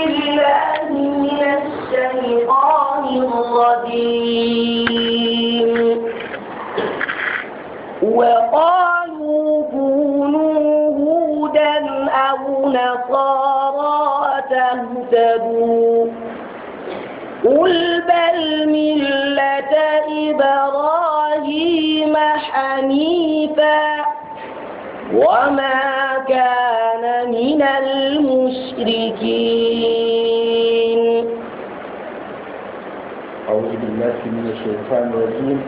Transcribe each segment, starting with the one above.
بالله من الشيطان الرجيم قل بل ملة إبراهيم حنيفا وما كان من المسلمين المشركين أعوذ بالله من الشيطان الرجيم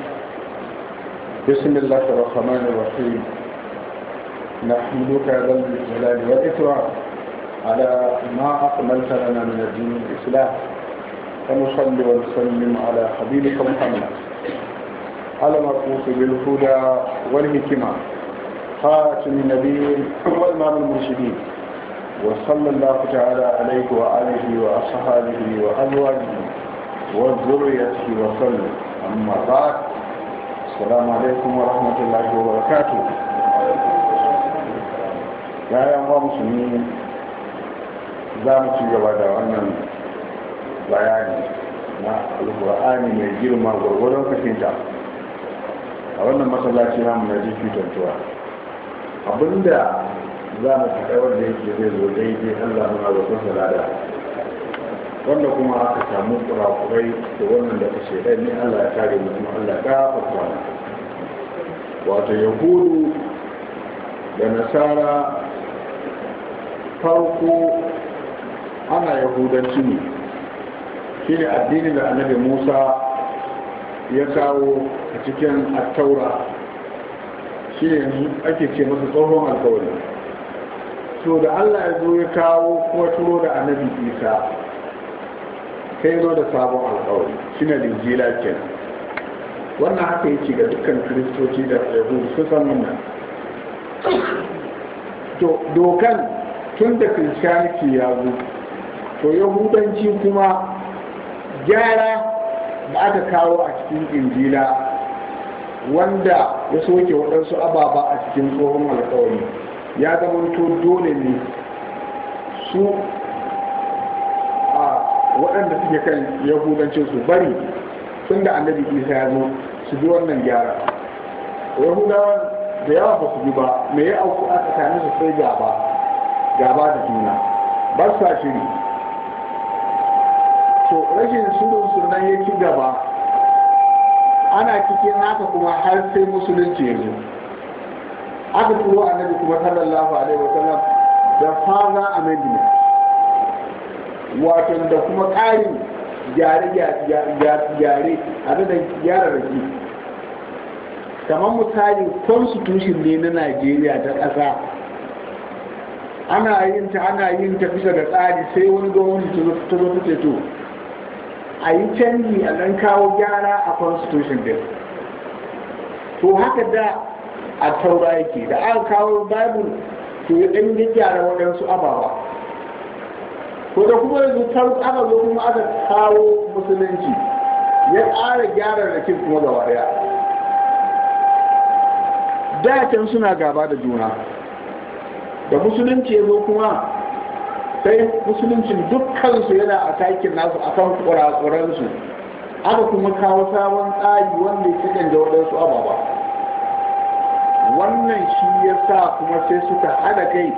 بسم الله الرحمن الرحيم نحمدك على الجلال والإكرام على ما أكملت لنا من الدين الإسلام ونصلي ونسلم على حبيبك محمد على المبعوث بالهدى والهكمة خاتم النبيين والمام المرشدين وصلى الله تعالى عليه وآله وأصحابه وأزواجه وذريته وصلى أما بعد السلام عليكم ورحمة الله وبركاته يا يا مسلمين زامت جواد وأنم بياني na alkur'ani mai girma gwargwadon كثيرا أولا wannan masallaci namu na jifi tantuwa abinda za mu faɗa wanda yake zai zo daidai Allah muna roƙon salada wanda kuma aka samu kurakurai da wannan da kashe ɗan ne Allah ya kare mu kuma Allah ya gafarta wato yahudu da nasara farko ana yahudanci ne shi ne addini da annabi musa ya kawo a cikin attaura shi ne ake ce masa tsohon alkawari to da Allah ya zo ya kawo kuma turo da annabi Isa sai zo da sabon alƙawari ne linjila kenan wannan haka yake ga dukkan kiristoci da yahudu su san wannan to dokan tun da kiristiyaniki ya zo to yahudanci kuma gyara da aka kawo a cikin injila wanda ya soke waɗansu ababa a cikin tsohon alƙawari ya zama zamanto dole ne su a waɗanda suke kan yahudancin su bari sun da annabi isa ya zo su bi wannan gyara yahudawan da yawa ba su bi ba me ya auku a tsakanin su sai gaba gaba da juna ba su shiri to rashin shirin sunan ya ci gaba ana cikin haka kuma har sai musulunci ya zo aka turo annabi kuma sallallahu alaihi wa sallam da fara Madina wato da kuma ƙarin gyare-gyare a da da shi kamar misali constitution ne na najeriya ta ƙasa ana yin ta ana yin ta bisa da tsari sai wani gwamnati ta zo ce to a yi canji a nan kawo gyara a constitution din to haka da a taura yake da an kawo bible to ɗin ɗan gyara waɗansu ababa ko da kuma yanzu tar aka zo kuma aka kawo musulunci ya ƙara gyara da kin kuma gaba ɗaya da can suna gaba da juna da musulunci ya zo kuma sai musuluncin dukkansu yana a takin nasu a kan kurakuransu aka kuma kawo sabon tsari wanda ya canja waɗansu ababa wannan shi ya sa kuma sai suka hada kai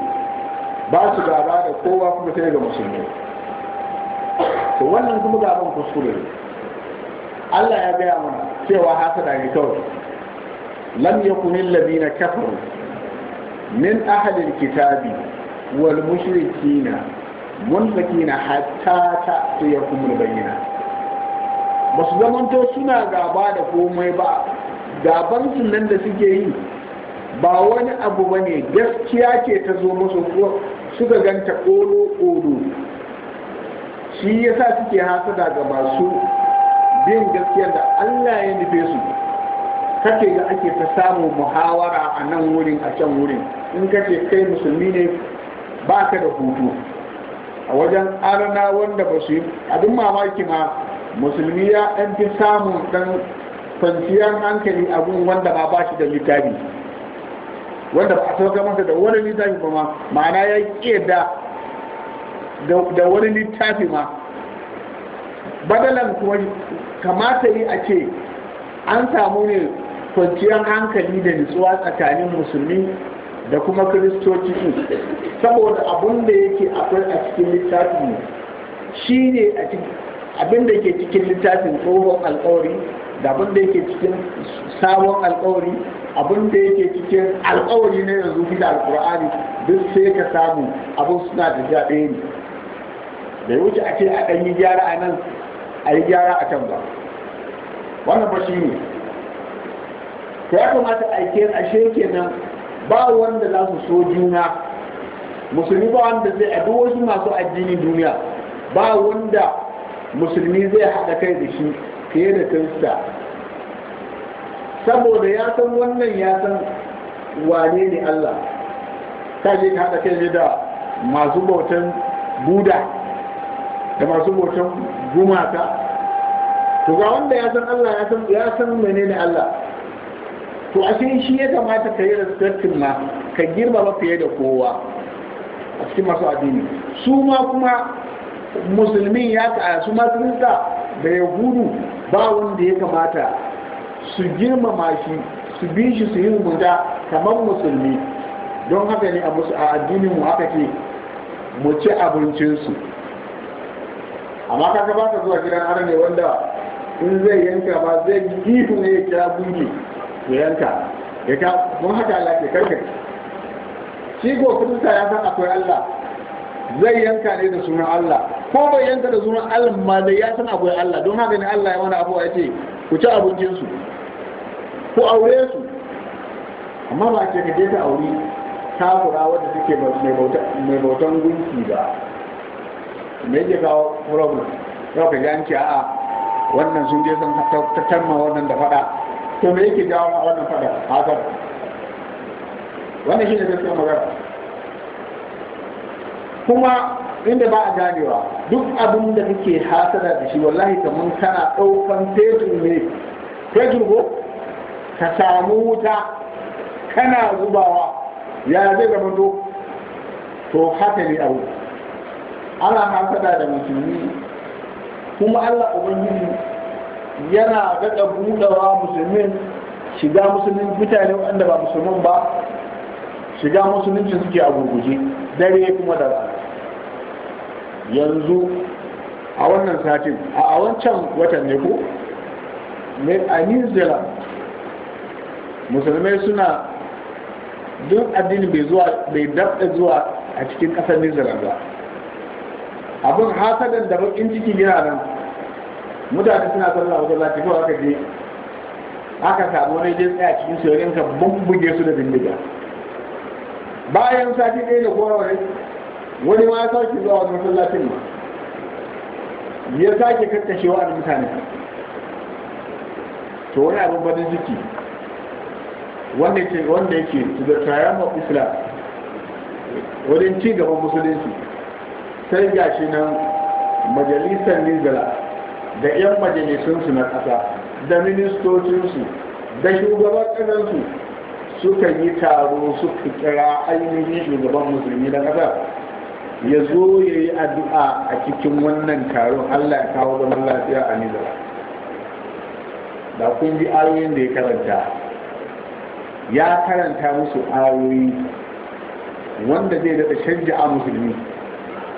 ba su gaba da kowa kuma sai ga musulmi to wannan kuma gaban kuskure Allah ya gaya mana cewa hasada ne kawai lam yakun alladhina kafaru min ahli alkitabi wal mushrikina munfakina hatta ta'tiyakum Ba basu zamanto suna gaba da komai ba gaban nan da suke yi ba wani abu ba ne gaskiya ce ta zo musu suka ganta ƙoro ƙoro shi ya sa suke hasada ga masu bin gaskiya da allah ya nufe su kake ga ake ta samun muhawara a nan wurin a can wurin in kace kai musulmi ne ba ka da hutu a wajen arana wanda ba su yi abin mamaki ma musulmi ya ɗan fi samun ɗan kwanciyar hankali abin wanda ba ba shi da littafi wanda ba a sauka masa da wani littafi ba ma ma'ana ya ƙeda da wani littafi ma badalan kuma kamata yi a ce an samu ne kwanciyar hankali da nutsuwa tsakanin musulmi da kuma kiristoci saboda abin da yake akwai a cikin ne shi ne a cikin abin da ke cikin littafin tsohon alkawari da abin da ke cikin sabon alkawari abin da yake cikin alkawari na yanzu fi da alkur'ani duk sai ka samu abin suna da ja ɗaya ne da wuce a ce a ɗan yi gyara a nan a yi gyara a can ba wannan ba shi ne ta ya kamata a ke a sheke nan ba wanda za su so juna musulmi ba wanda zai a wasu masu addinin duniya ba wanda musulmi zai haɗa kai da shi fiye da kirista saboda ya san wannan ya san wane ne Allah ta je ka haɗa kai da masu bautan buda da masu bautan gumaka to ga wanda ya san Allah ya san ya san Allah to ashe shi ya kamata ka yi respectin ma ka girmama fiye da kowa a cikin masu addini su ma kuma musulmin ya ka su ma kirista da yahudu ba wanda ya kamata su girmama shi su bi shi su yi guda kamar musulmi don haka ne a addinin mu haka ke mu ci abincinsu amma ka ba ka zuwa gidan har ne wanda in zai yanka ba zai gihu ne ya kira gungi ya yanka ya ka mun haka Allah ke karka shi go kirista ya san akwai Allah zai yanka ne da sunan Allah ko bai yanka da sunan Allah ma da ya san akwai Allah don haka ne Allah ya wani abuwa ya ce ku ci abincinsu ku aure su amma ba ce ka je ta aure kafura wadda suke mai bautan gunki ba me yake kawo problem yau ka yanki a'a wannan sun je sun tattarma wannan da fada to me yake jawo a wannan fada hasar wannan shi ne gaskiyar magana kuma inda ba a ganewa duk abin da kake hasada da shi wallahi kamar kana daukan fetur ne fetur ko ka samu wuta kana zubawa ya zai zama to to haka ne abu ana hankada da musulmi kuma Allah ubangiji yana gaɗa buɗewa musulmin shiga musulmin mutane wanda ba musulmin ba shiga musulunci suke a gurguje dare kuma da rana yanzu a wannan satin a wancan watan ne ko a new zealand musulmai suna duk addini bai zuwa bai dabda zuwa a cikin kasar nizar ba abin hasadan da bakin ciki yana nan mutane suna sallah wajen kawai aka je aka samu wani je tsaya cikin saurin ka bubbuge su da bindiga bayan sati ɗaya da kowa wani wani ma ya sauke zuwa wani masallacin ma ya sake kakkashewa a mutane to wani abin bakin ciki wanda yake wanda yake da islam wajen ci gaban musulunci sai gashi nan majalisar nizala da 'yan majalisunsu na ƙasa da ministocinsu da shugaban ƙasarsu suka yi taro suka kira ainihin shugaban musulmi na ƙasa ya zo ya yi addu'a a cikin wannan taron allah ya kawo zaman lafiya a nizala da kun ji ayoyin da ya karanta ya karanta musu ayoyi wanda zai daɗa a musulmi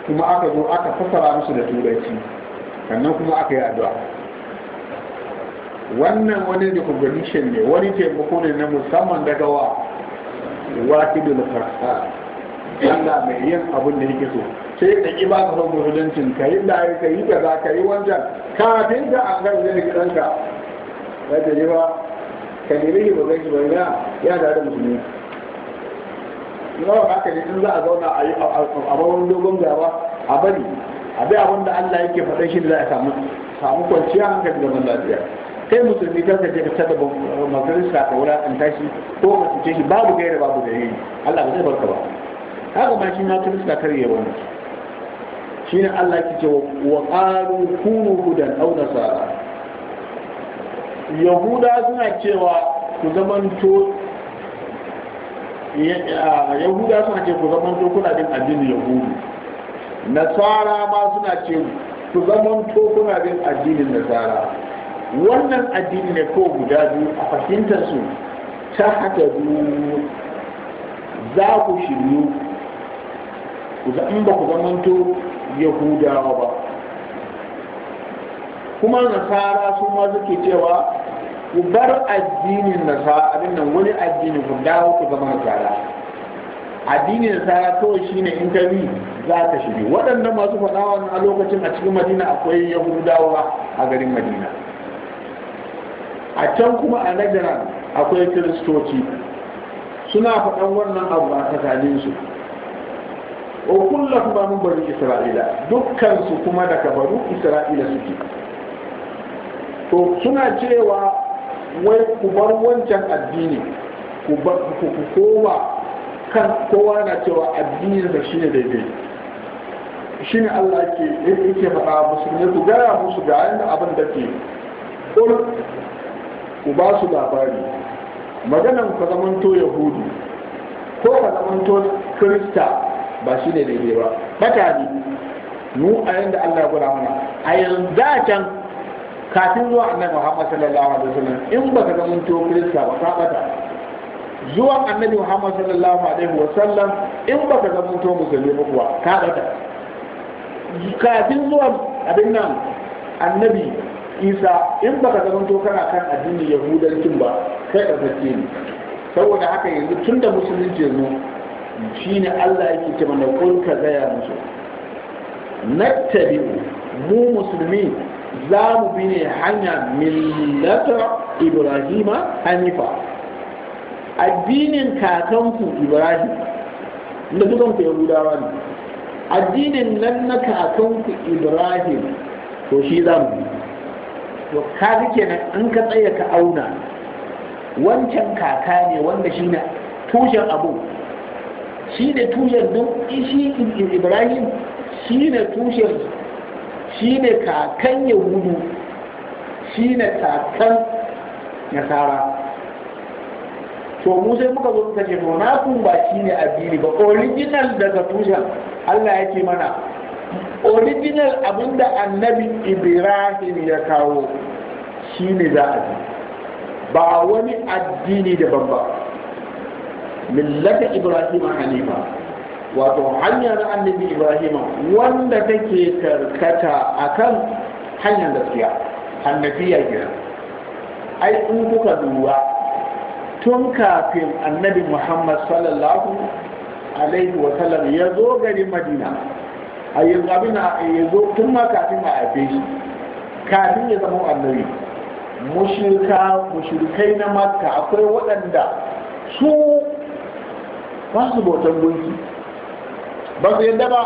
kuma aka zo aka fassara musu da turanci sannan kuma aka yi addu'a wannan wani recognition ne wani taimako ne na musamman daga wa da farsa Allah mai yin abin da yake so sai ka ki ba ka son musuluncin ka yi layi, ka yi da za ka yi wancan kafin ka an ka ɗanka ba ta yi ba ka ba shi ba ya da da musulmi ne in za a zauna a yi dogon gaba a bari a bi abin da Allah yake faɗa shi da za a samu samu kwanciya hankali zaman lafiya kai musulmi kan ka je ka tada majalisa ka wura an tashi ko ka tuce shi babu gaira babu da yayi Allah ba zai barka ba haka ma shi ma kirista kar ba shi shine Allah kike ce wa qalu kunu hudan aw nasara yahuda suna cewa ku zamanto yahuda suna ce ku zamanto kuna bin addinin yahudu nasara ma suna ce ku zamanto kuna bin addinin nasara wannan addini ne ko guda biyu a fahimtar su ta haka za ku shiryu in ba ku zamanto yahudawa ba kuma nasara su ma suke cewa ku bar addinin nasara abin nan wani addini ku dawo ku zama nasara addinin nasara kawai shine in ka bi za ka shige waɗanda masu faɗa wannan a lokacin a cikin madina akwai yahudawa a garin madina a can kuma a nagara akwai kiristoci suna faɗan wannan abu a su o kullum ba mu bari isra'ila dukkansu kuma da kabaru isra'ila suke to suna cewa wai ku bar wancan addini ku koma kan kowa na cewa shi ne daidai shi ne Allah ke yake faɗa musulmi ku gaya musu ga yadda abin da ke ƙul ku ba su labari maganan ka zamanto yahudu ko ka zamanto krista ba shi ne daidai ba mutane mu a yadda Allah ya gura mana a yanzu a can kafin zuwa annabi Muhammad sallallahu alaihi wasallam in ba ga mun to Kirista ba ka bata zuwan annabi Muhammad sallallahu alaihi wasallam in ba ga mun to musulmi ba kuwa ka bata kafin zuwan abin nan annabi Isa in ba ga mun to kana kan addinin Yahudancin ba kai da kake ne saboda haka yanzu tunda musulunci yanzu shine Allah yake ce na kul zaya gaya musu nattabi mu musulmi za mu bi ne hanya millata ibrahima hanifa addinin kakanku ibrahim da dukanku yahudawa ne addinin nan na kakanku ibrahim to shi za mu bi to kaga kenan in ka tsaya ka auna wancan kaka ne wanda shi na tushen abu shi ne tushen don ishi ibrahim shi ne tushen shi kakan yahudu shi ne kakan nasara to mu sai muka zo muka ce to na kun ba shi ne addini ba original daga tushen Allah yake mana original abinda annabi ibrahim ya kawo shi ne za a ba wani addini daban ba millata ibrahim hanifa wato hanyar annabi ibrahim wanda take karkata akan hanyar gaskiya annabiya gina ai in kuka duba tun kafin annabi muhammad sallallahu alaihi wa sallam ya zo garin madina a yanzu abin ya zo tun ma kafin a haife shi kafin ya zama annabi mushirka mushirkai na makka akwai waɗanda su ba su bautan gunki ba su yadda ba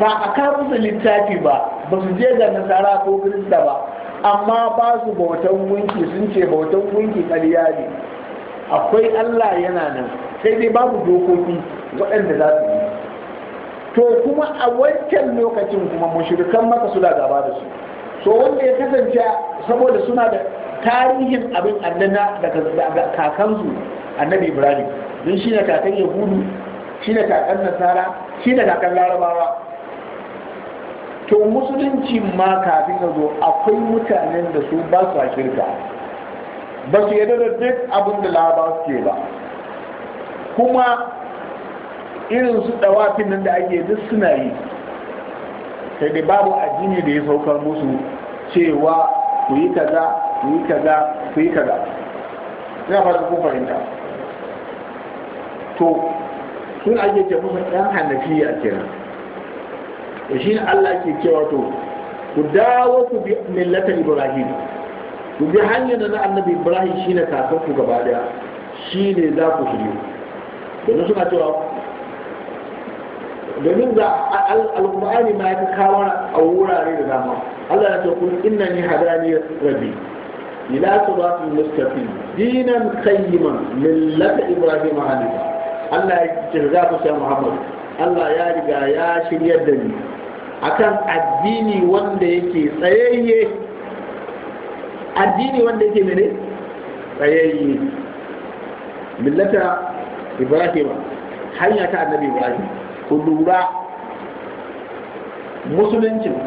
ba a su littafi ba ba su je ga nasara ko kirista ba amma ba su bautan gunki sun ce bautan gunki ƙarya ne akwai allah yana nan sai dai babu dokoki waɗanda za su yi to kuma a wancan lokacin kuma mushrikan maka suna gaba da su so wanda ya kasance saboda suna da tarihin abin annana daga kakansu annabi ibrahim don shi ne kakan yahudu shi da kakan nasara shi da kakan larabawa to musulunci ma kafin ya zo akwai mutanen da su ba su shirka ba su yarda da duk abin da larabawa ke ba kuma irin su dawafin nan da ake duk suna yi sai dai babu addini da ya saukar musu cewa ku yi kaza ku yi kaza ku yi kaza ina fara ku fahimta to sun ake ce musu ɗan a kenan da shi ne Allah ke cewa to ku dawo ku bi millatar Ibrahim ku bi hanyar da na annabi Ibrahim shi ne ku gaba daya ne za ku yi. domin suna cewa domin da alƙur'ani ma ya kawo a wurare da dama Allah ya ce kun innani hadani rabbi ila siratin mustaqim dinan qayyiman millata Ibrahim hanifa Allah ya kirga ku sai Muhammad Allah ya riga ya shirya da ni akan addini wanda yake tsayayye addini wanda yake mene tsayayye millata Ibrahim hanya ta annabi Ibrahim ku lura musuluncin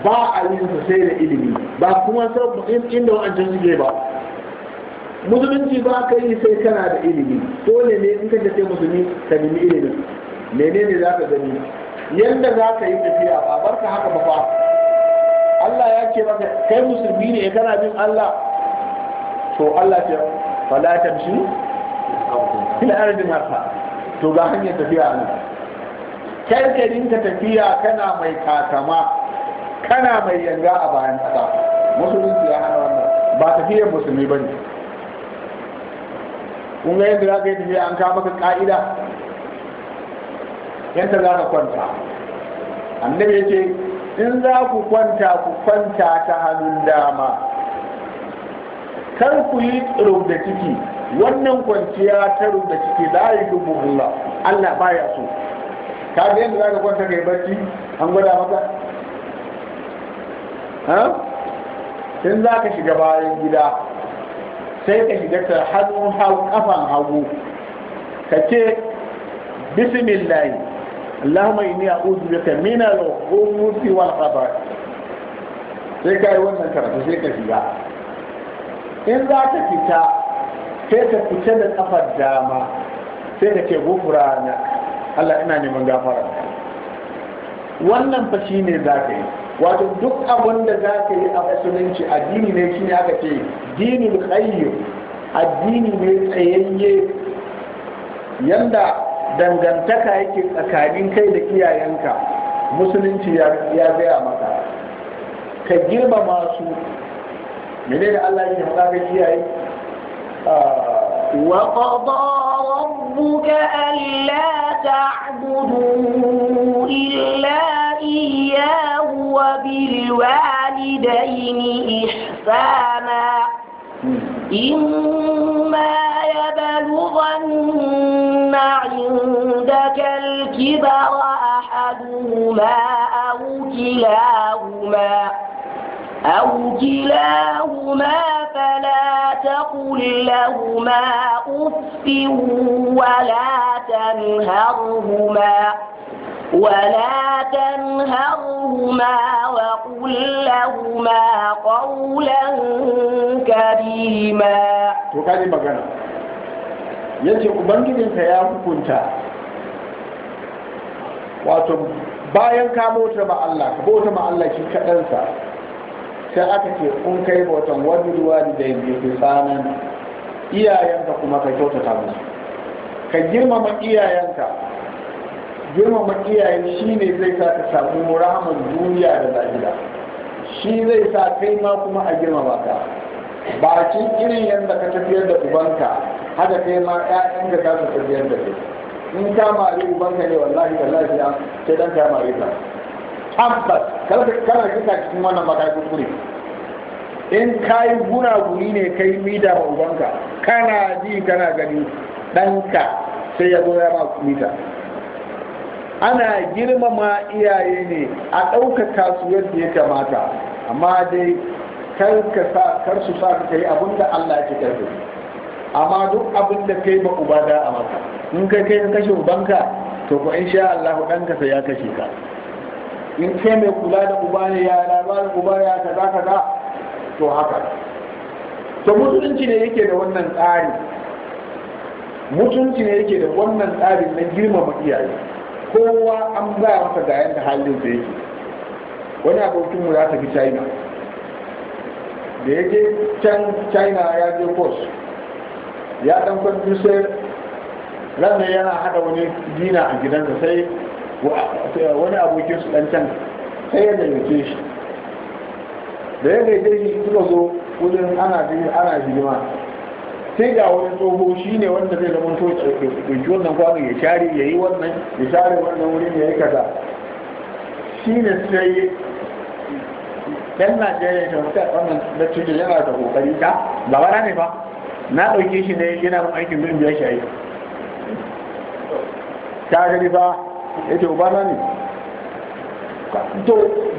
ba a yin sai da ilimi ba kuma inda wa'ancin suke ba musulunci ba ka yi sai kana da ilimi ko ne in ka sai musulmi ka nemi ilimin menene za ka gani yadda za ka yi tafiya ba ka haka ba fa Allah ya ce maka kai musulmi ne kana bin Allah to Allah ce fala tamshi fil ardi marha to ga hanyar tafiya ne Kai ka tafiya kana mai katama, kana mai yanga a bayan kasa musulunci ya hana wannan ba tafiyar musulmi bane kun ga yadda za ka yi tafiya an kawo maka ka'ida yadda za ka kwanta annabi ya ce in za ku kwanta ku kwanta ta hannun dama kar ku yi rubda ciki wannan kwanciya ta rubda ciki za a yi dubu Allah Allah baya so ka ga yadda za ka kwanta yi barci an gwada maka in za ka shiga bayan gida sai ka shiga ta hannun hau kafan hagu ka ce bismillahi allahumma inni a'udhu bika min al-khubuthi wal khabath sai ka yi wannan karatu sai ka shiga in za ka fita sai ka fita da kafar dama sai ka ce gufurana Allah ina neman gafara wannan fa shine za ka yi wato duk abin da za ka yi a musulunci addini ne shi ne aka ce dinin qayyim addini ne tsayayye yanda dangantaka yake tsakanin kai da iyayenka musulunci ya gaya maka ka girmama su da Allah ya faɗa ga iyaye وقضى ربك ألا تعبدوا إلا إياه وبالوالدين إحسانا إما يبلغن عندك الكبر أحدهما أو كلاهما أو كلاهما فلا تقل لهما أف ولا تنهرهما ولا تنهرهما وقل لهما قولا كريما وكان مغنى yace ubangijinka ya hukunta wato bayan ka bauta ma Allah ka bauta ma Allah shi kaɗansa sai aka ce kun kai bautan wani ruwa da yanzu ke tsanan iyayenka kuma ka kyautata musu ka girmama iyayenka girmama iyaye shi ne zai sa ka samu rahaman duniya da lahira shi zai sa kai ma kuma a girmama ka ba ci irin yadda ka tafiyar da ubanka haka kai ma ƴaƴanka za su tafiyar da kai in ka mare ubanka ne wallahi da lafiya sai dan ka mari ka tabbas kana kika cikin wannan makai kuskure in ka yi guri ne kai mida ma ubanka kana ji kana gani ɗanka sai ya zo ya ma mita ana girmama iyaye ne a ɗaukaka su yadda ya kamata amma dai kar sa su sa ka yi abin da Allah ya karfe amma duk abin da kai ba uba da a maka in kai kai ka kashe ubanka to ko insha Allah ɗanka sai ya kashe ka in kai mai kula da uba ne ya labarin uba ya kaza kaza to haka to mutunci ne yake da wannan tsari mutunci ne yake da wannan tsarin na girmama iyaye kowa an gaya masa ga yadda halin da yake wani abokin mu ya tafi china da ya je can china ya je kos ya dan kwanci sai ranar yana hada wani dina a gidansa sai wani abokin su dan can sai ya gayyace shi da ya gaice shi suka zo wurin ana hidima sai ga wani tsoho shi ne wanda zai zama to ɗauki wannan kwanon ya share ya yi wannan ya share wannan wurin ya yi kaza shi ne sai ɗan najeriya ta wata wannan da cikin yana da kokari ta ba wara ne ba na ɗauke shi ne yana mun aikin bin biya shayi ta gari ba ya ce ubana ne to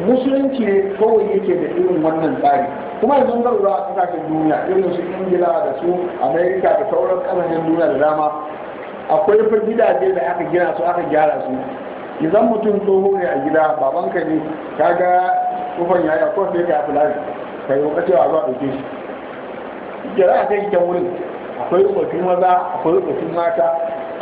musulunci ne kawai yake da irin wannan tsari kuma yanzu ga lura a kasashen duniya irin su ingila da su amerika da sauran kasashen duniya da dama akwai fa gidaje da aka gina su aka gyara su idan mutum tsoho ne a gida babanka ne kaga kufan yayi a kofi ka fi lari ka yi wakati a zuwa ɗauke shi ya za a kai kyan wurin akwai tsofin maza akwai tsofin mata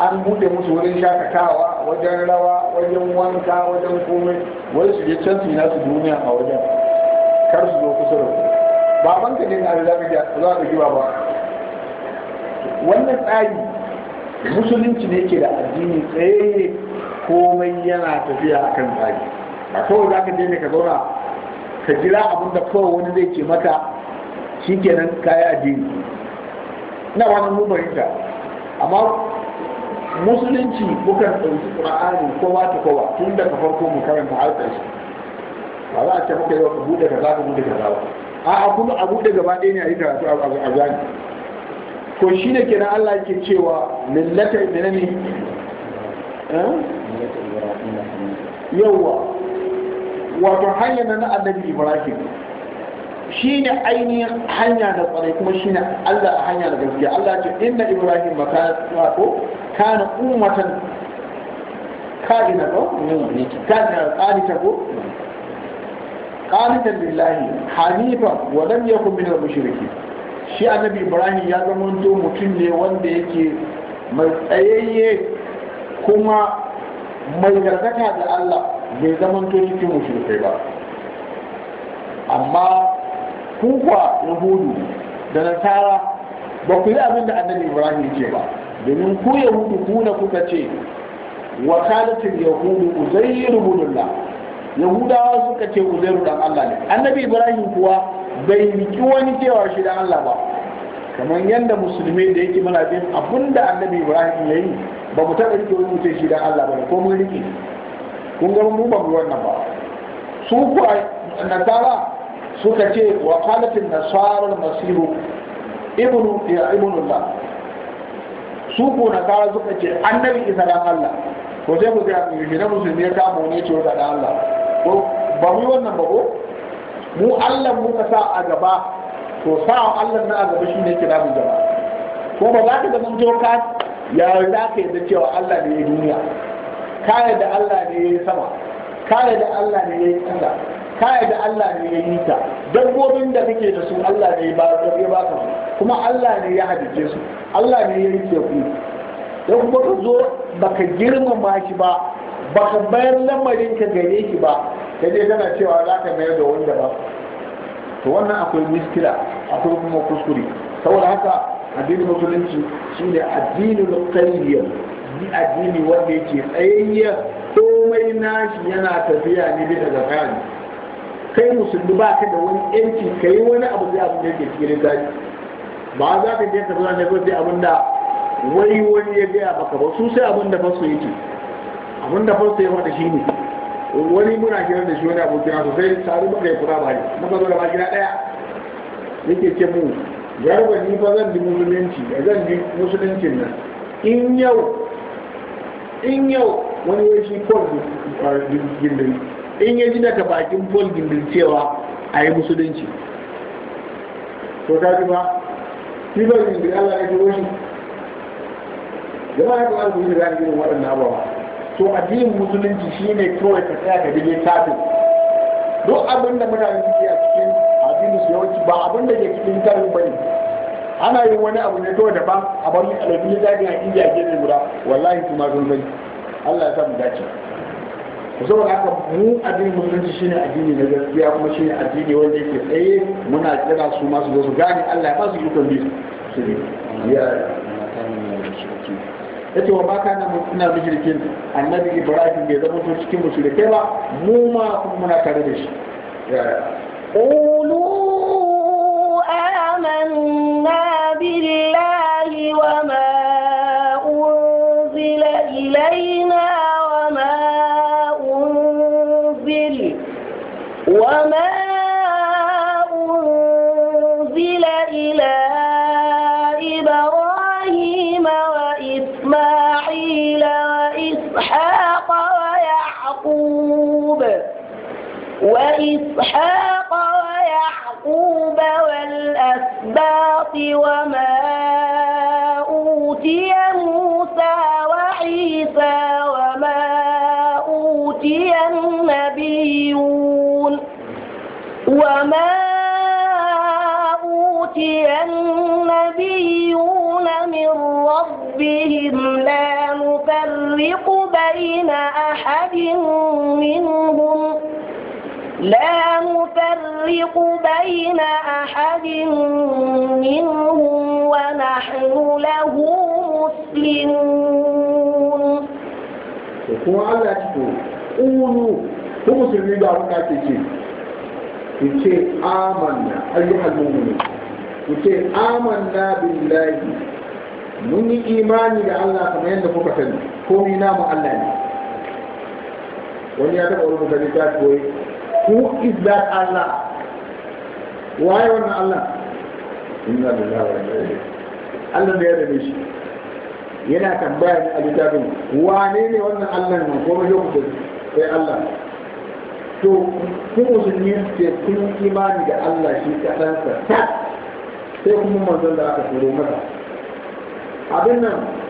an buɗe musu wurin shakatawa wajen rawa wajen wanka wajen komai wani su je can su nasu duniya a wajen kar su zo kusa da ku baban ka ne na da za ka ba wannan tsari musulunci ne ke da addini tsaye komai yana tafiya kan tsari ba kawai za ka je ne ka zauna ka jira abin da kawai wani zai ce maka kenan kayan addini ina wani mu fahimta amma musulunci mukan ɗauki ƙur'ani kowa ta kowa tun daga farko mu karanta harkar shi ba za a ce muka yi ka buɗe ka za ka buɗe ka za ba a kuma a buɗe gaba ɗaya ne a yi karatu a gani ko shi ne kenan Allah ke cewa millata ne eh? yawwa wato hanya na na annabi ibrahim shi ne ainihin hanya da kwarai kuma shi ne allah hanya da gaskiya allah ce inna ibrahim maka wato kana ummatan na ko tsari ta ko qanitan lillahi hanifan wa lam yakun min al shi annabi ibrahim ya zama to mutum ne wanda yake mai tsayayye kuma mai gargata da Allah bai zama to cikin mushrikai ba amma kuka yahudu da nasara ba ku yi abin da annabi ibrahim yake ba domin ku yahudu ku na kuka ce wakalatin yahudu uzairu budullah yahudawa suka ce uzairu dan Allah ne annabi ibrahim kuwa bai miki wani cewa shi dan Allah ba kamar yadda musulmi da yake mana bin abinda annabi ibrahim ya yi ba mu taɓa rike wani mutum shi dan Allah ba ne ko mun rike kun ga mu ba wannan ba su ku nasara suka ce wa qalatin nasara masihu ibnu ya ibnu Allah su ku nasara suka ce annabi isa dan Allah ko sai ku ga mu shi da musulmi ya kama wani ce wa dan Allah to ba mu yi wannan ba ko mu Allah muka sa a gaba to sa Allah na a gaba shine yake da mu gaba ko ba za ka ga mun to ka ya yarda ka yarda cewa Allah ne ya duniya ka da Allah ne ya sama ka da Allah ne ya yi tsada ka da Allah ne ya yi ta dabbobin da kake da su Allah ne ya ba ka su kuma Allah ne ya hadice su Allah ne ya yi ku dan kuma ka zo baka girmama shi ba Ba ka bayar lamarin ka gare shi ba ka je kana cewa za ka mayar da wanda ba to wannan akwai miskila akwai kuma kuskure saboda haka addinin musulunci shine addinin qayyim ni addini wanda yake tsayayya komai nashi yana tafiya ne bisa ga kani kai musulmi ba ka da wani yanci ka yi wani abu zai abin da yake cikin daji ba za ka je ka zo ne ko sai abin da wai wani ya gaya maka ba su sai abin da fa su yake abin da fausta ya faɗa shi ne wani muna kiran da shi wani abokina sosai tsari muka yi fura bari muka zo da ba gina ɗaya yake ce mu garba ni fa zan bi musulunci zan bi musuluncin nan in yau in yau wani ya shi paul gindin in ya ji daga bakin paul gindin cewa a yi musulunci to ta ba shi ba gindin allah ya ji wani jama'a ya kamata ku yi da gani irin waɗannan abubuwa to addinin musulunci shine kawai ka tsaya ka dige tafi duk abin da muna yi a cikin addinin su yawanci ba abin da ke cikin tarin bane ana yin wani abu ne kawai daban a bari alaifin ya ne dadi a inda a gefe guda wallahi kuma sun zunzai Allah ya sa mu dace saboda haka mu addinin musulunci shine addini na gaskiya kuma shine addini wanda yake tsaye muna kira su masu zo su gane Allah ya ba su ikon bi su ne yace wa ma kana muna mushrikin annabi ibrahim bai zama to cikin mushrikai ba mu ma muna tare da shi qulu بالله وما أنزل إلينا وإسماعيل وإسحاق ويعقوب وإسحاق ويعقوب والأسباط وما أوتي موسى لا نفرق بين أحد منهم ونحن له مسلمون kuma Allah ya ce ƙulu ku musulmi ba abin da ke ce ku ce amanna ayyuhal mu'mini ku ce amanna billahi mun yi imani da Allah kamar yadda kuka sani komai namu Allah ne wani ya taɓa wani rubuta littafi wai who is that Allah waye wannan Allah inna lillahi wa inna ilaihi Allah ne ya rabe shi yana tambaya ne a littafin wane ne wannan Allah ne ko mai yau sai Allah to ku musulmi ce kun imani da Allah shi kadansa sai kuma manzon da aka turo masa abin nan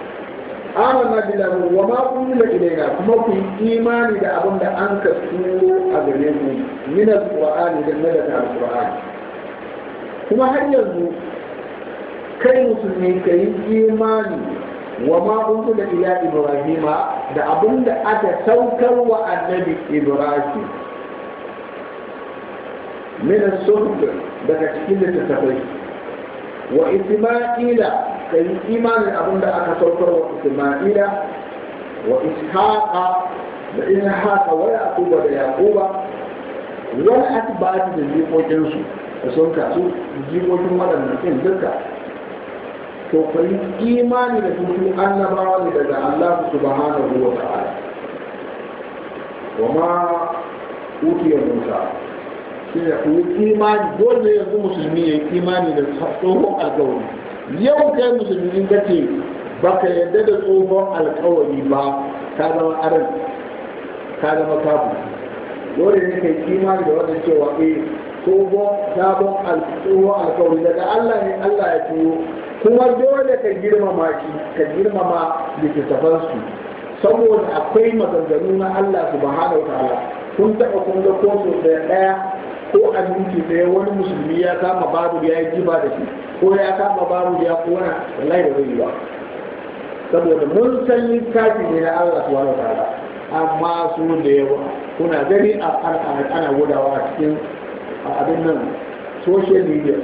amana bilahu wa ma kun yi unzila ilaina kuma ku yi imani da abin da an ka turo a gare ku min alqur'ani da daga alqur'ani kuma har yanzu kai musulmi ka yi imani wa ma unzila ila ibrahima da abin da aka saukar wa annabi ibrahim min as daga cikin littattafai wa isma'ila ka yi imanin abin da aka saukar wa Isma'ila wa Ishaqa da Ishaqa wa Yaquba da Yaquba wani atibati da jikokinsu da sun kasu jikokin waɗannan ɗin duka to ka yi imani da duk annabawa ne daga Allah subhanahu wa ta'ala wa ma utiyar Musa shi ne ku yi imani dole yanzu musulmi ya yi imani da tsohon alkawari yau kai musulmi ka ce ka yadda da tsohon alkawari ba ka zama arin ka zama kafu dole ne kai kima da wannan cewa eh tsohon sabon alkawari daga Allah ne Allah ya turo kuma dole ka girmama shi ka girmama littattafansu saboda akwai maganganu na Allah subhanahu wa ta'ala kun taɓa kun ga ko ɗaya ko a minti ɗaya wani musulmi ya kama babu ya yi jiba da shi ko ya kama babu ya kona wallahi da zai yi ba saboda mun san littafi ne na Allah subhanahu wa ta'ala amma su da yawa kuna gani a ana gudawa a cikin abin nan social media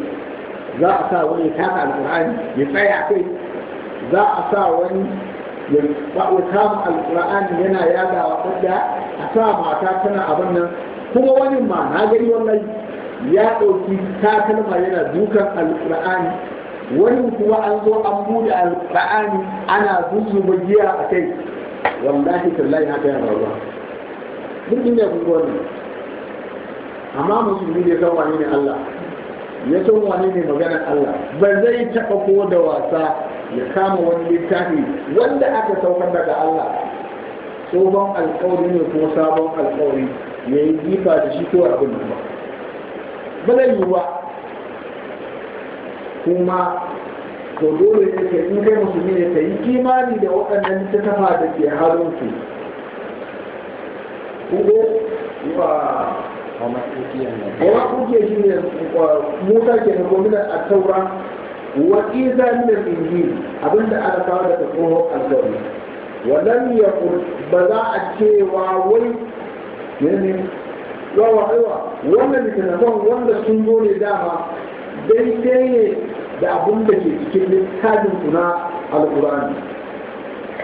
za a sa wani taka alkur'ani ya tsaya kai za a sa wani ya kama alkur'ani yana wa kudda a sa mata tana abin nan kuma wani ma na gani wannan ya ɗauki takalma yana dukan alƙur'ani wani kuma an zo an buɗe alƙur'ani ana zuzu giya a kai wallahi tallahi haka yana faruwa duk inda ku ko ne amma musulmi ne kan wani ne Allah ya san wani ne maganar Allah ba zai taɓa ko da wasa ya kama wani littafi wanda aka saukar daga Allah tsohon alƙawari ne ko sabon alƙawari ya yi jifa da shi ko abin da ba ba zai yi ba kuma to dole ne ka yi kai musulmi ne ka yi kimani da waɗannan ta kafa da ke halin su kuma ba kuma kuke shi ne musa ke na gomina a taura wa iza min al-injil abinda aka fara da tsohon alƙawari wa lam yaqul ba za a cewa wai mene yawa yawa wannan littattafan wanda sun zo ne dama daidai ne da abin da ke cikin littafin ku na alkurani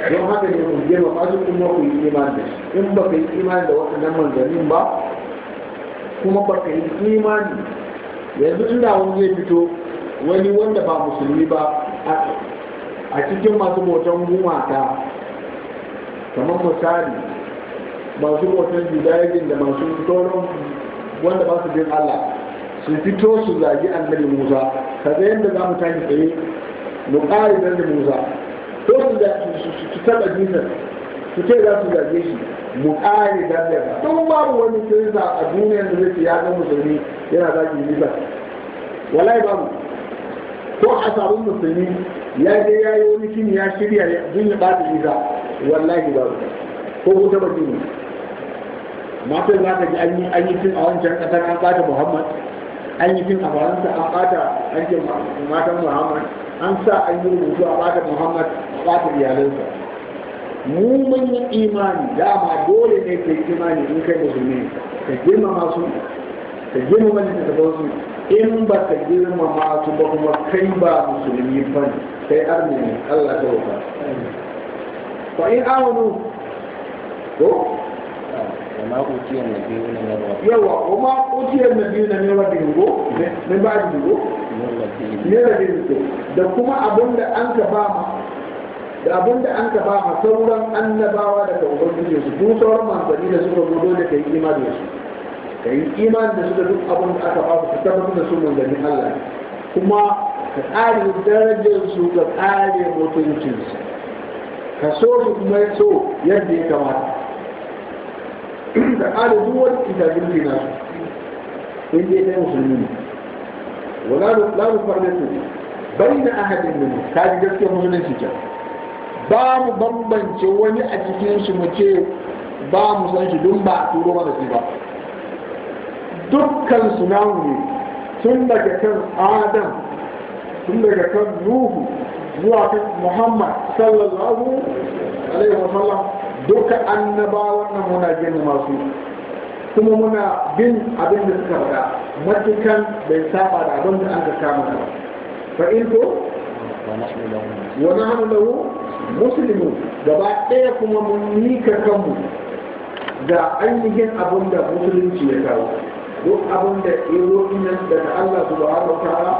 don haka ne ku gema masu kuma ku yi imani da shi in ba ka yi imani da waɗannan manzannin ba kuma ba ka yi imani yanzu inda wani zai fito wani wanda ba musulmi ba a cikin masu bautan gumata kamar misali masu hoton judaizin da masu tonon wanda ba su bin allah su fito su zagi annabi musa ka zai yadda za mu tashi tsaye mu ƙari da musa ko su su taɓa jisan su ce za su zage shi mu ƙari da don babu wani kirista a duniya da zai ya ga musulmi yana zagi jisan wallahi babu ko a sabon musulmi ya je ya yi wani kini ya shirya don ya ɓata isa wallahi babu ko ku taɓa jini matan za ka ji an yi an yi fim a wancan ƙasar an bata muhammad an yi fim a faransa an bata an ce matan muhammad an sa an yi rubutu a bata muhammad a bata iyalansa mu mun imani dama dole ne ka yi imani in kai musulmi ka girmama su ka girmama littattafansu in ba ka girmama su ba kuma kai ba musulmi ba ne kai arni ne allah ta wuta fa in amanu ko ma utiya nabiyuna min rabbihim yawa wa ma utiya na min rabbihim ne min ba'di go ne da dinsu da kuma abinda an ka ba ma da abinda an ka ba ma sauran annabawa daga ubangiji su duk sauran manzanni da suka zo dole kai imani da su kai imani da su da duk abin da aka ba su ta tabbatar da su manzannin Allah kuma ka tsare darajar su ka tsare su, ka so su kuma so yadda ya kamata da ƙara duk wani kitabilin na su in dai ɗaya musulmi ne wala lalu farnatu bayna ahadin mu, ta ji gaskiyar musulunci can ba mu bambance wani a cikin su mu ce ba mu san shi dun ba a turo mana shi ba dukkan su namu ne tun daga kan adam tun daga kan nuhu zuwa kan muhammad sallallahu alaihi wasallam duka annabawan nan muna jin masu kuma muna bin abin da suka faɗa matukan bai saba da abin da an ka kama ba fa in to wa nahnu lahu gaba ɗaya kuma mun mika kanmu ga ainihin abin da musulunci ya kawo duk abin da ya zo nan daga Allah subhanahu wa ta'ala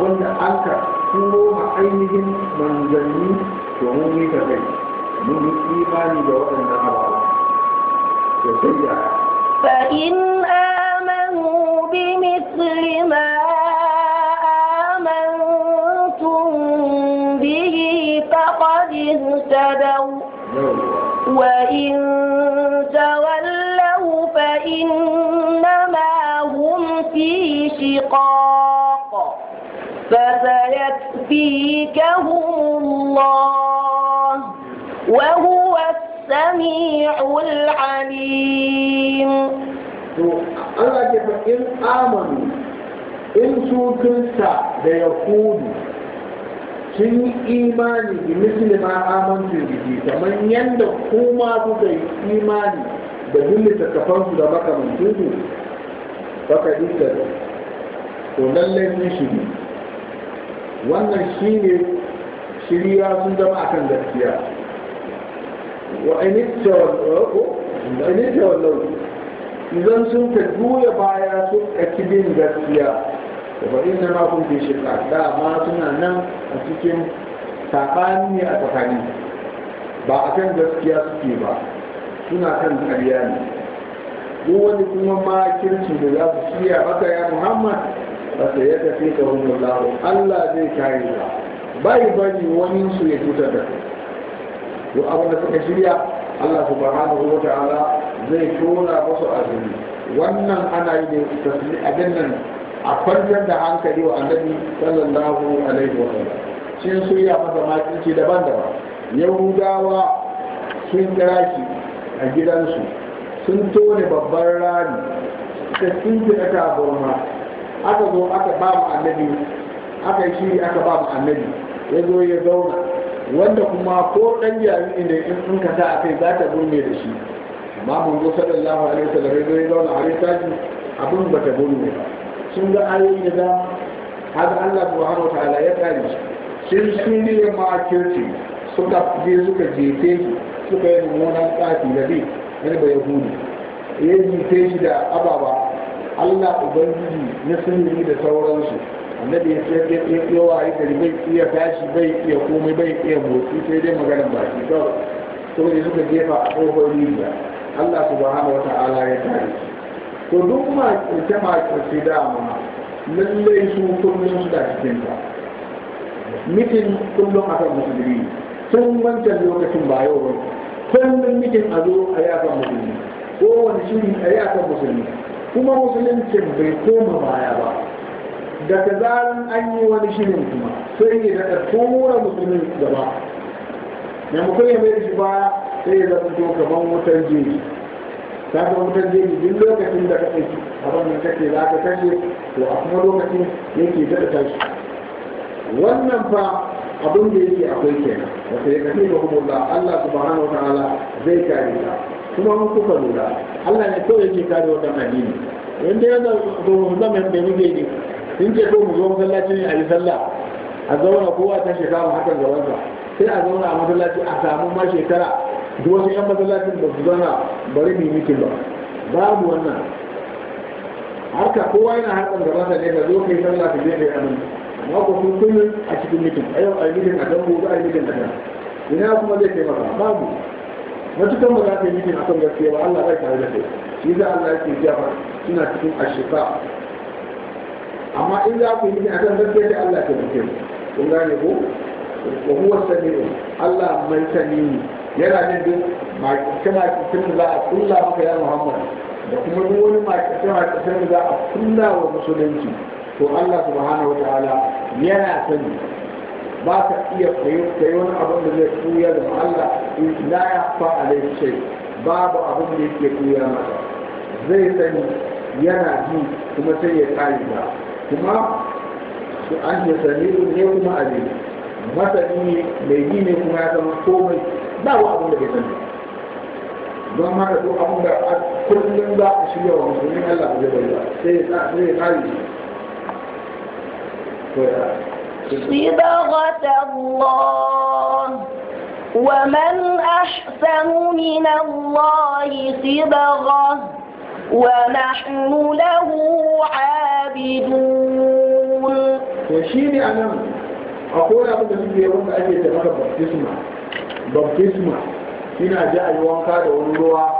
abin da an ka kuma ainihin manzanni domin mika kai mun yi imani da waɗannan abawa to sai ya fa in amanu bi mithli ma amantum bihi faqad ihtadaw wa in tawallaw fa innama hum fi shiqaq فسيكفيكهم الله وهو السميع العليم Allah ke fa in amanu in su kirista da yahudu sun yi imani bi muslima amantu bihi kamar yadda kuma kuka yi imani da dullita kafansu da makamantinsu baka dinka to lallai sun shiri wannan shine shiriya sun zama a kan gaskiya وإن تولوا إن تولوا إذا سنك جوية بايا سنك كبين غسيا وإنما هم في شقاق لا ما سنعنا a tsakani ba a kan gaskiya suke ba suna kan karya ne Ko wani kuma makircin da za su shirya maka ya muhammad ba sai ya tafi ka allah zai kare ba bai bari wani su ya cutar da kai To abin da suka shirya Allah subhanahu wa ta'ala zai tona musu azumi wannan ana yi ne tasmi abin nan a kwanciyar da hankali wa annabi sallallahu alaihi wa sallam sun shirya masa makinci daban-daban yahudawa sun kira shi a gidansu sun tone babban rami ta tsinci na tabarma aka zo aka ba mu annabi aka yi shiri aka ba mu annabi ya zo ya zauna wanda kuma ko ɗan jami'in da in sun ka a kai za ta burme da shi amma mun zo sallallahu alaihi wasallam ya zai har ta ji abin ba ta burme ba sun ga ayoyi da za haka Allah subhanahu wataala ya kare shi sun ma kirti suka je suka jefe shi suka yi mummunan tsafi da bi wani bai yahudu ya jefe shi da ababa Allah ubangiji na sunni da sauransu annabi ya ce ya ya ya wa aikari bai iya tashi bai iya komai bai iya motsi sai dai maganar baki kawai saboda suka jefa a tsohon libya Allah subhanahu wa ta'ala ya tare to duk ma ta ma ce dama lallai su kullum su da cikin ta mitin kullum kan musulmi tun wancan lokacin ba yau ba kullum mitin a zo a kan musulmi kowane shiri a kan musulmi kuma musuluncin bai koma baya ba daga zarin an yi wani shirin kuma sai ne daɗa tura musulmi gaba maimakon ya mai shi baya sai ya zama to kaman wutar jeji ta ga wutar jeji duk lokacin da ka ɗauki abin da kake za ka kashe to a kuma lokacin yake daɗa tashi wannan fa abin da yake akwai kenan wata ya kashe ga kuma Allah subhanahu wa ta'ala zai kare ka kuma mun kuka lura Allah ne kawai yake kare wannan addini wanda ya zama zama mai muke yi. in ce ko mu zo masallaci ne a yi sallah a zauna kowa ta shekara hakan gabansa sai a zauna a masallaci a samu ma shekara duk wasu yan masallacin ba su zauna bari mu yi mikin ba babu wannan harka kowa yana harkar gabansa ne ka zo kai sallah ka je kai amin amma ko sun kullum a cikin mikin a yau a yi mikin a kan gobe a yi mikin a kan ina kuma zai taimaka babu matukan ba za ka yi mikin a kan gaskiya ba Allah zai tare da kai shi za Allah yake jiya ba suna cikin ashifa amma in za ku yi ne kan gaskiya sai Allah ta muke kun gane ko wa huwa samiu Allah mai ne. yana jin duk kama cikin za a kulla maka ya Muhammad da kuma duk wani makasar za a kulla wa musulunci to Allah subhanahu wa ta'ala yana sani ba ka iya kai wani abin da zai tuya da Allah la ya fa alaihi shay babu abin da yake tuya masa zai sani yana ji kuma sai ya kare ba kuma su an da salilu ne kuma abin masani ne mai yi ne kuma ya zama komai ba wa abin da bai sani don haka duk abin da kullum za a shirya wa musulmi Allah ba zai ba sai ya kare shi صبغة الله ومن أحسن من الله صبغة ونحن له عابدون وشيني أنا أقول أبو دمي يوم أجي تمر بابتسمة بابتسمة ina ji a yi wanka da wani ruwa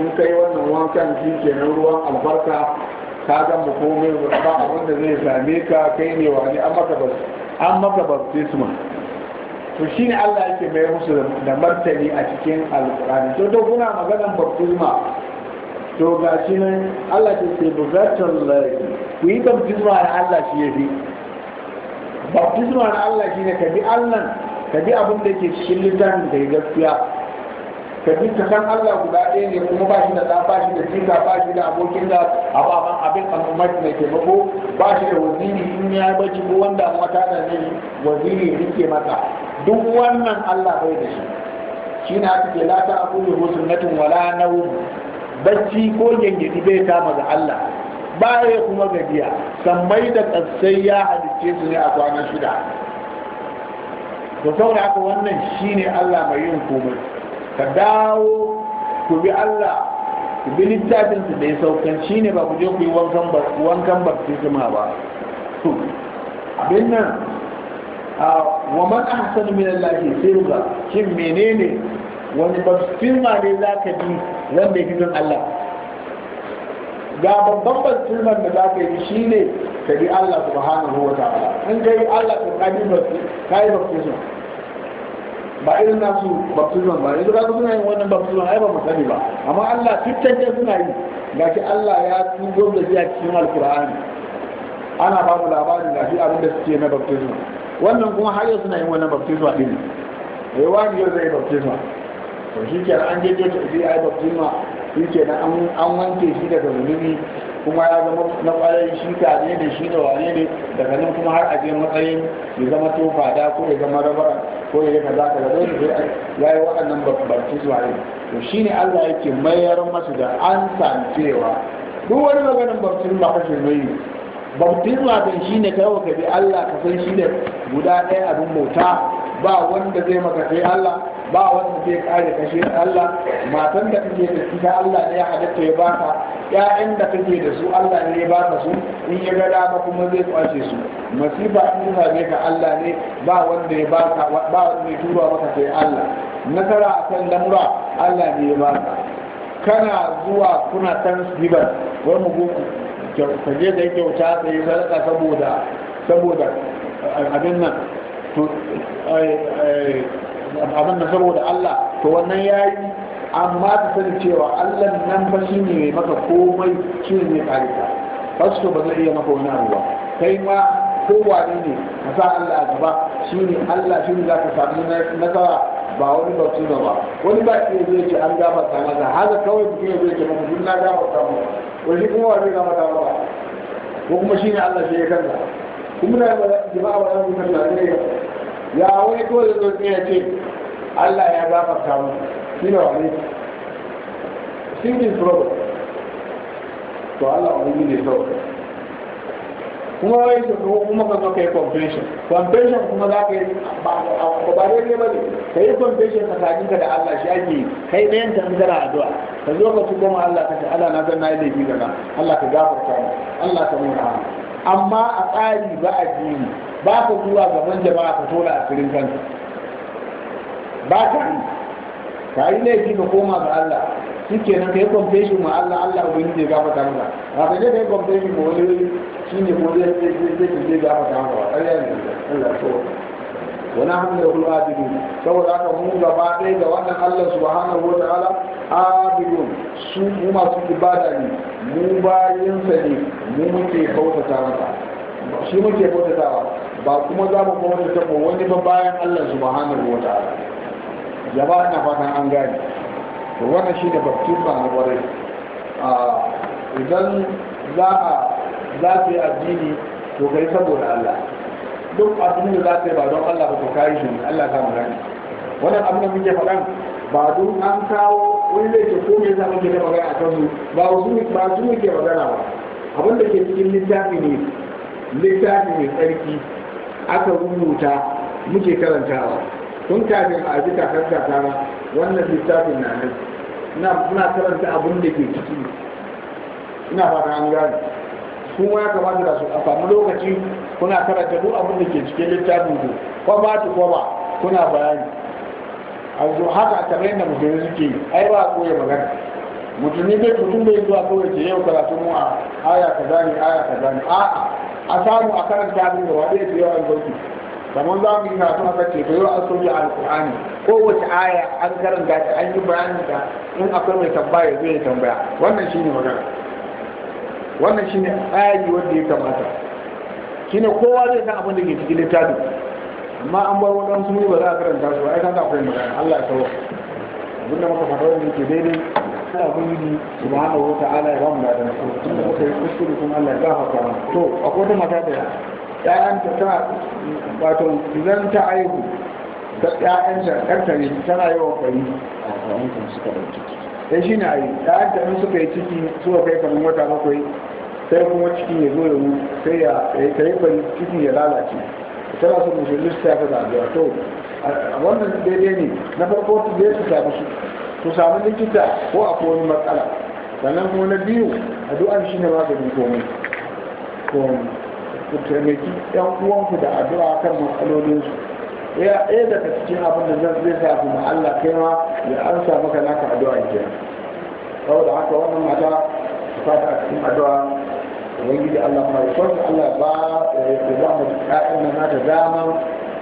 in kai wannan wankan shi kenan ruwan albarka ka ga mu komai ba abin da zai same ka kai ne wani an maka an maka baptisma to shine Allah ake mayar musu da martani a cikin alkurani to kuna maganar baptisma to ga shi nan Allah ta ce bukatar laifi ku yi baptisma da Allah shi ya fi baptisma da Allah shi ne ka bi Allah ka bi abin da ke cikin littafin da ya gaskiya ka bi ka san Allah guda ɗaya ne kuma ba shi da ɗan ba shi da jika ba shi da abokin da ababen abin al'ummar mai taimako ba shi da waziri in ya yi bacci ko wanda wata da ne waziri ke mata duk wannan Allah bai da shi shi na ake ke ta abu da sunnatun wala naumu bacci ko gengedi bai kama ga Allah ba baya kuma gajiya sammai da ƙasai ya halice su ne a kwana shida to saboda haka wannan shine Allah mai yin komai ka dawo ku bi Allah ku bi littafin da ya saukan shine ba ku je ku yi wankan wankan baptisma ba to abin nan wa man ahsanu min Allah sirra shin menene wani bafsirma ne za ka bi wanda ya fi Allah ga babban bafsirman da za ka yi shi ne ka bi Allah ruwa ta ala. in ka yi Allah ka kaji ka yi bafsirma ba irin nasu bafsirman ba yanzu ka suna yin wannan bafsirman ai ba mu sani ba amma Allah fitance suna yi ga shi Allah ya tuzo da shi a cikin alkur'ani ana ba mu labarin ga shi abin da suke na bafsirma wannan kuma har yau suna yin wannan bafsirma din ne eh, wani yau zai bafsirma to shi ke an je ta shi ke an wanke shi daga zunubi kuma ya zama na kwarai shi ka ne da shi da wane ne daga nan kuma har a je matsayin ya zama tofa da ko ya zama rabara ko ya kaza kaza dole sai ya yi waɗannan baptisma ne to shine Allah yake mayar masu da an sancewa duk wani maganin baptisma kashe mai baptisma din shine kai wa ka bi Allah ka san shi ne guda ɗaya abin bauta ba wanda zai maka sai Allah ba wanda zai kare kashe Allah matan da kake da ita Allah ne ya halitta ya baka ƴaƴan da kake da su Allah ne ya baka su in ya gada dama kuma zai kwace su masifa in ka ka Allah ne ba wanda ya baka ba wanda ya tura maka sai Allah nasara akan lamura Allah ne ya baka kana zuwa kuna sibar wai mu ka je da kyauta sai sadaka saboda saboda eh, abin nan eh, eh, abin da saboda Allah to wannan ya yi, amma ta sani cewa Allah nan fa shi ne maka komai shi ne kare ka fasto ba zai iya maka wani abu ba kai ma kowane ne a sa Allah a gaba shi ne Allah shi ne za ka samu nasara ba wani ba tuna ba wani ba ke zai ce an gafarta masa haka kawai mutum ya zai ce maka duk na ta masa wani kuma wani gafarta ba? ko kuma shi ne Allah shi ya kansa kuma na yi ba za su kalla ne ya wai dole tsotsi ya ce Allah ya gafarta mu shi ne wane ne problem to Allah wani ne sauka kuma wai su kuma ka zo ka yi confession confession kuma za ka yi ba daidai ba ne ka yi confession tsakanin ka da Allah shi ake yi. kai ɗayan ta a addu'a ka zo ka ci goma Allah ka ce Allah na zan na yi laifi kaza Allah ka gafarta mu Allah ka mun amma a tsari ba jini. ba ka zuwa gaban jama'a ka tola asirin kanka ba ka yi ka yi laifi ka koma ga Allah shi ke nan ka yi confession ma Allah Allah wani zai gafata maka ba ka je ka yi confession ma wani shi ne ko zai zai zai zai gafata maka ba ƙarya ne Allah so wani hannun da kula abidu saboda aka mu gaba ɗaya ga wannan Allah subhanahu wa ta'ala abidu su mu masu ibada ne mu bayan ne mu muke kautata maka shi muke kautatawa ba kuma za mu kawar ta wani ba bayan Allah subhanahu wa ta'ala jama'a ina fatan an gane to wannan shine babtun ba na kwarai idan za a za ka yi addini to kai saboda Allah duk abin da za ta yi ba don Allah ba to kai shi Allah ka mu gane wannan abin da muke faɗan ba don an kawo wani zai ce ko me yasa muke da magana a kansu ba su ba su muke magana ba abin da ke cikin littafi ne littafi mai tsarki aka rubuta muke karantawa tun kafin a ji kakar kakara wannan littafin na nan muna karanta abin da ke ciki ina fata an gane kuma ya kamata da su a samu lokaci kuna karanta duk abin da ke cikin littafin ku kwaba ta ba kuna bayani a zo haka kamar yadda mutum suke ai ba a koya magana mutum ne bai mutum bai zuwa kawai ke yau karatu mu a aya kaza ne aya kaza ne a'a a samu a karanta min da ɗaya da yawan an sauki kamar za mu yi kafin a sace yawan yau an sauki ko kowace aya an karanta ta an yi bayanin da in akwai mai tambaya zai tambaya wannan shine magana wannan shine tsari wanda ya kamata Kina kowa zai san abin da ke cikin littafin amma an bar wadansu ne ba za a karanta su ai kaga akwai magana Allah ya sauka abinda muka faɗa ne ke daidai Allah ubangiji subhanahu wa ala ya bamu da su tun da muka yi kuskure kuma Allah ya gafarta mana to akwai wata mata da ya'yanta ta wato idan ta aihu ta ya'yanta karta ne tana yawan kwari ya eh, shi na yi ya'yanta in suka yi ciki suka kai kamar wata bakwai sai kuma cikin ya zo ya mu sai ya kai kwari cikin ya lalace tana so musulmi su ta fi da to a wannan daidai ne na farko ta zai su tafi su Su samu likita ko a wani matsala sannan kuma na biyu addu'a shi ne magani komai ku taimaki yan uwanku da addu'a kan su ya ɗaya daga cikin abin da zan zai sa kuma Allah kai ma ya sa maka naka addu'a kenan saboda haka wannan mata ta fata a cikin addu'a ubangiji allah mai kwanci allah ba ya ba mu ƴaƴan nan nata dama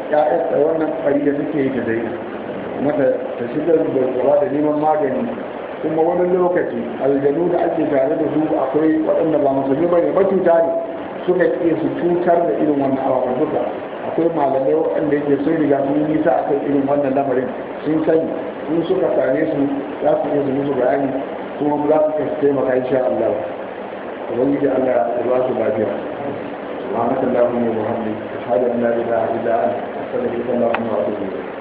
ƴaƴan wannan ƙari da suke yi da dai mata ta shigar da gaba da neman magani kuma wani lokaci aljanu da ake tare da su akwai waɗanda ba musulmi ba ne ba cuta ne suka iya su cutar da irin wannan abubuwa duka akwai malamai waɗanda yake sun riga sun yi nisa akan irin wannan lamarin sun sani in suka same su za su iya su musu bayani kuma za su iya taimaka insha Allah ubangiji Allah ya ba su lafiya subhanakallahumma wa bihamdika ashhadu an la ilaha illa anta astaghfiruka wa atubu